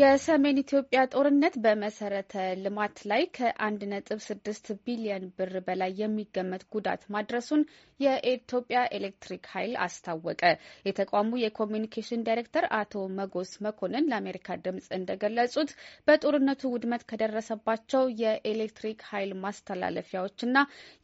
የሰሜን ኢትዮጵያ ጦርነት በመሰረተ ልማት ላይ ከአንድ ነጥብ ስድስት ቢሊየን ብር በላይ የሚገመት ጉዳት ማድረሱን የኢትዮጵያ ኤሌክትሪክ ኃይል አስታወቀ። የተቋሙ የኮሚኒኬሽን ዳይሬክተር አቶ መጎስ መኮንን ለአሜሪካ ድምጽ እንደገለጹት በጦርነቱ ውድመት ከደረሰባቸው የኤሌክትሪክ ኃይል ማስተላለፊያዎችና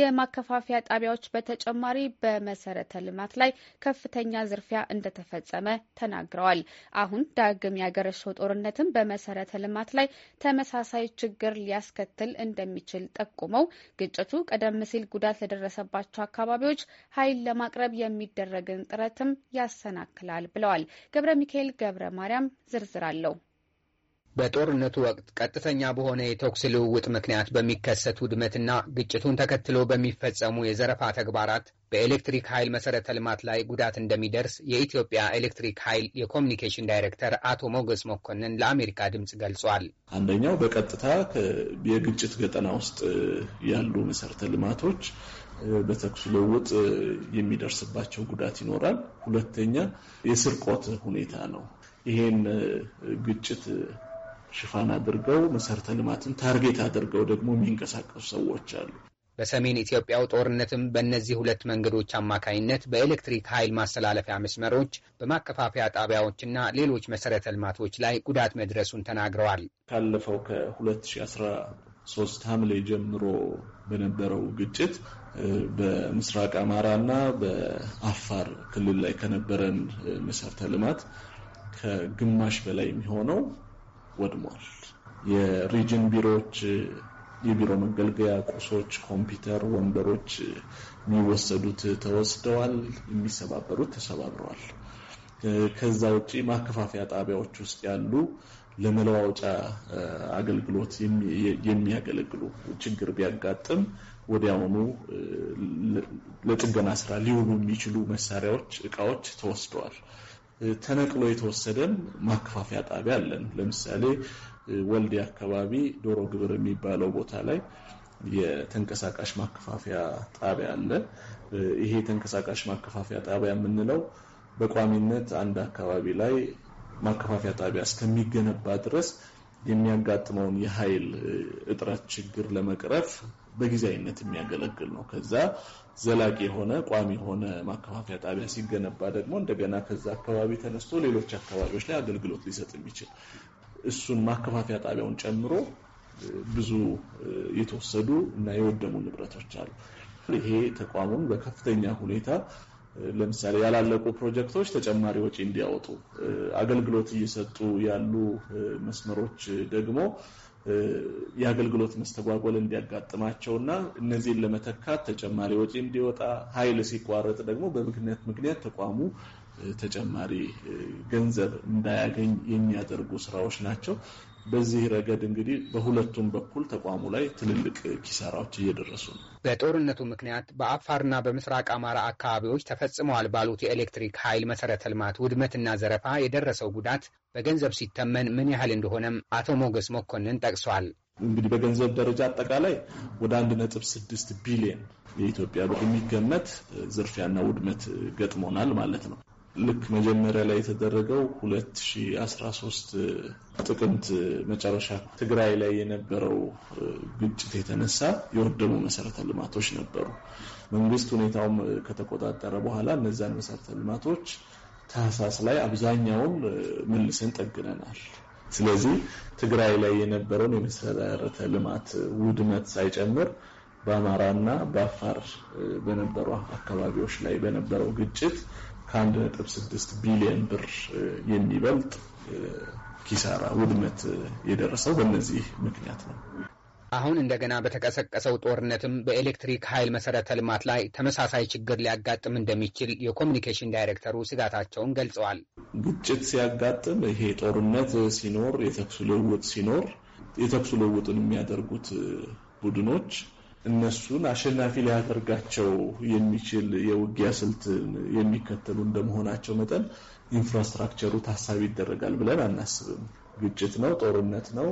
የማከፋፈያ ጣቢያዎች በተጨማሪ በመሰረተ ልማት ላይ ከፍተኛ ዝርፊያ እንደተፈጸመ ተናግረዋል። አሁን ዳግም ያገረሸው ጦርነት ማለትም በመሰረተ ልማት ላይ ተመሳሳይ ችግር ሊያስከትል እንደሚችል ጠቁመው ግጭቱ ቀደም ሲል ጉዳት ለደረሰባቸው አካባቢዎች ኃይል ለማቅረብ የሚደረግን ጥረትም ያሰናክላል ብለዋል። ገብረ ሚካኤል ገብረ ማርያም ዝርዝር አለው። በጦርነቱ ወቅት ቀጥተኛ በሆነ የተኩስ ልውውጥ ምክንያት በሚከሰት ውድመትና ግጭቱን ተከትሎ በሚፈጸሙ የዘረፋ ተግባራት በኤሌክትሪክ ኃይል መሰረተ ልማት ላይ ጉዳት እንደሚደርስ የኢትዮጵያ ኤሌክትሪክ ኃይል የኮሚኒኬሽን ዳይሬክተር አቶ ሞገስ መኮንን ለአሜሪካ ድምፅ ገልጿል። አንደኛው በቀጥታ የግጭት ገጠና ውስጥ ያሉ መሰረተ ልማቶች በተኩስ ልውውጥ የሚደርስባቸው ጉዳት ይኖራል። ሁለተኛ የስርቆት ሁኔታ ነው። ይሄን ግጭት ሽፋን አድርገው መሰረተ ልማትን ታርጌት አድርገው ደግሞ የሚንቀሳቀሱ ሰዎች አሉ። በሰሜን ኢትዮጵያው ጦርነትም በእነዚህ ሁለት መንገዶች አማካኝነት በኤሌክትሪክ ኃይል ማስተላለፊያ መስመሮች፣ በማከፋፈያ ጣቢያዎችና ሌሎች መሰረተ ልማቶች ላይ ጉዳት መድረሱን ተናግረዋል። ካለፈው ከ2013 ሐምሌ ጀምሮ በነበረው ግጭት በምስራቅ አማራና በአፋር ክልል ላይ ከነበረን መሰረተ ልማት ከግማሽ በላይ የሚሆነው ወድሟል። የሪጅን ቢሮዎች የቢሮ መገልገያ ቁሶች፣ ኮምፒውተር፣ ወንበሮች የሚወሰዱት ተወስደዋል፣ የሚሰባበሩት ተሰባብረዋል። ከዛ ውጪ ማከፋፈያ ጣቢያዎች ውስጥ ያሉ ለመለዋወጫ አገልግሎት የሚያገለግሉ ችግር ቢያጋጥም ወዲያውኑ ለጥገና ስራ ሊውሉ የሚችሉ መሳሪያዎች፣ እቃዎች ተወስደዋል። ተነቅሎ የተወሰደም ማከፋፈያ ጣቢያ አለን። ለምሳሌ ወልዴ አካባቢ ዶሮ ግብር የሚባለው ቦታ ላይ የተንቀሳቃሽ ማከፋፈያ ጣቢያ አለ። ይሄ የተንቀሳቃሽ ማከፋፈያ ጣቢያ የምንለው በቋሚነት አንድ አካባቢ ላይ ማከፋፈያ ጣቢያ እስከሚገነባ ድረስ የሚያጋጥመውን የኃይል እጥረት ችግር ለመቅረፍ በጊዜያዊነት የሚያገለግል ነው። ከዛ ዘላቂ የሆነ ቋሚ የሆነ ማከፋፈያ ጣቢያ ሲገነባ ደግሞ እንደገና ከዛ አካባቢ ተነስቶ ሌሎች አካባቢዎች ላይ አገልግሎት ሊሰጥ የሚችል እሱን ማከፋፈያ ጣቢያውን ጨምሮ ብዙ የተወሰዱ እና የወደሙ ንብረቶች አሉ። ይሄ ተቋሙን በከፍተኛ ሁኔታ ለምሳሌ ያላለቁ ፕሮጀክቶች ተጨማሪ ወጪ እንዲያወጡ፣ አገልግሎት እየሰጡ ያሉ መስመሮች ደግሞ የአገልግሎት መስተጓጎል እንዲያጋጥማቸውና እነዚህን ለመተካት ተጨማሪ ወጪ እንዲወጣ፣ ኃይል ሲቋረጥ ደግሞ በምክንያት ምክንያት ተቋሙ ተጨማሪ ገንዘብ እንዳያገኝ የሚያደርጉ ስራዎች ናቸው። በዚህ ረገድ እንግዲህ በሁለቱም በኩል ተቋሙ ላይ ትልልቅ ኪሳራዎች እየደረሱ ነው። በጦርነቱ ምክንያት በአፋርና በምስራቅ አማራ አካባቢዎች ተፈጽመዋል ባሉት የኤሌክትሪክ ኃይል መሰረተ ልማት ውድመትና ዘረፋ የደረሰው ጉዳት በገንዘብ ሲተመን ምን ያህል እንደሆነም አቶ ሞገስ መኮንን ጠቅሷል። እንግዲህ በገንዘብ ደረጃ አጠቃላይ ወደ 1.6 ቢሊዮን የኢትዮጵያ ብር የሚገመት ዝርፊያና ውድመት ገጥሞናል ማለት ነው። ልክ መጀመሪያ ላይ የተደረገው 2013 ጥቅምት መጨረሻ ትግራይ ላይ የነበረው ግጭት የተነሳ የወደሙ መሰረተ ልማቶች ነበሩ። መንግስት ሁኔታውም ከተቆጣጠረ በኋላ እነዚያን መሰረተ ልማቶች ታህሳስ ላይ አብዛኛውን መልሰን ጠግነናል። ስለዚህ ትግራይ ላይ የነበረውን የመሰረተ ልማት ውድመት ሳይጨምር በአማራና በአፋር በነበሩ አካባቢዎች ላይ በነበረው ግጭት 16 ቢሊዮን ብር የሚበልጥ ኪሳራ ውድመት የደረሰው በእነዚህ ምክንያት ነው። አሁን እንደገና በተቀሰቀሰው ጦርነትም በኤሌክትሪክ ኃይል መሰረተ ልማት ላይ ተመሳሳይ ችግር ሊያጋጥም እንደሚችል የኮሚኒኬሽን ዳይሬክተሩ ስጋታቸውን ገልጸዋል። ግጭት ሲያጋጥም፣ ይሄ ጦርነት ሲኖር፣ የተኩስ ልውውጥ ሲኖር የተኩስ ልውውጡን የሚያደርጉት ቡድኖች እነሱን አሸናፊ ሊያደርጋቸው የሚችል የውጊያ ስልት የሚከተሉ እንደመሆናቸው መጠን ኢንፍራስትራክቸሩ ታሳቢ ይደረጋል ብለን አናስብም። ግጭት ነው፣ ጦርነት ነው።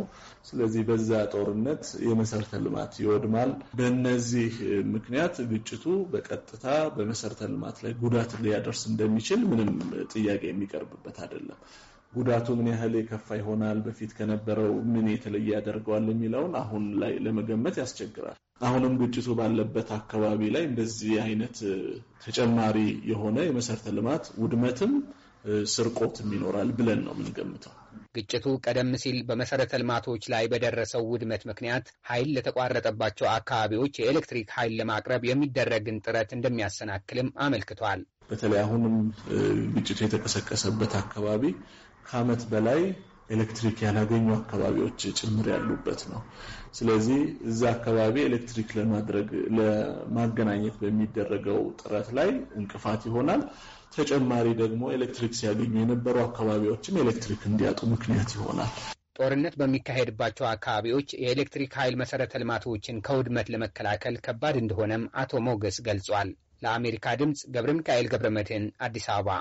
ስለዚህ በዛ ጦርነት የመሰረተ ልማት ይወድማል። በእነዚህ ምክንያት ግጭቱ በቀጥታ በመሰረተ ልማት ላይ ጉዳት ሊያደርስ እንደሚችል ምንም ጥያቄ የሚቀርብበት አይደለም። ጉዳቱ ምን ያህል የከፋ ይሆናል፣ በፊት ከነበረው ምን የተለየ ያደርገዋል የሚለውን አሁን ላይ ለመገመት ያስቸግራል። አሁንም ግጭቱ ባለበት አካባቢ ላይ እንደዚህ አይነት ተጨማሪ የሆነ የመሰረተ ልማት ውድመትም ስርቆትም ይኖራል ብለን ነው የምንገምተው። ግጭቱ ቀደም ሲል በመሰረተ ልማቶች ላይ በደረሰው ውድመት ምክንያት ኃይል ለተቋረጠባቸው አካባቢዎች የኤሌክትሪክ ኃይል ለማቅረብ የሚደረግን ጥረት እንደሚያሰናክልም አመልክቷል። በተለይ አሁንም ግጭቱ የተቀሰቀሰበት አካባቢ ከዓመት በላይ ኤሌክትሪክ ያላገኙ አካባቢዎች ጭምር ያሉበት ነው። ስለዚህ እዛ አካባቢ ኤሌክትሪክ ለማድረግ ለማገናኘት በሚደረገው ጥረት ላይ እንቅፋት ይሆናል። ተጨማሪ ደግሞ ኤሌክትሪክ ሲያገኙ የነበሩ አካባቢዎችም ኤሌክትሪክ እንዲያጡ ምክንያት ይሆናል። ጦርነት በሚካሄድባቸው አካባቢዎች የኤሌክትሪክ ኃይል መሰረተ ልማቶችን ከውድመት ለመከላከል ከባድ እንደሆነም አቶ ሞገስ ገልጿል። ለአሜሪካ ድምፅ ገብረ ሚካኤል ገብረ መድህን አዲስ አበባ